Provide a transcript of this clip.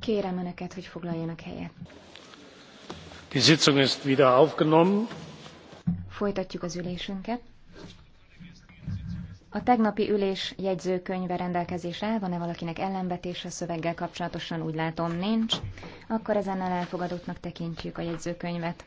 Kérem Önöket, hogy foglaljanak helyet. Die Sitzung ist wieder aufgenommen. Folytatjuk az ülésünket. A tegnapi ülés jegyzőkönyve rendelkezésre áll, van-e valakinek ellenvetése szöveggel kapcsolatosan úgy látom nincs, akkor ezennel elfogadottnak tekintjük a jegyzőkönyvet.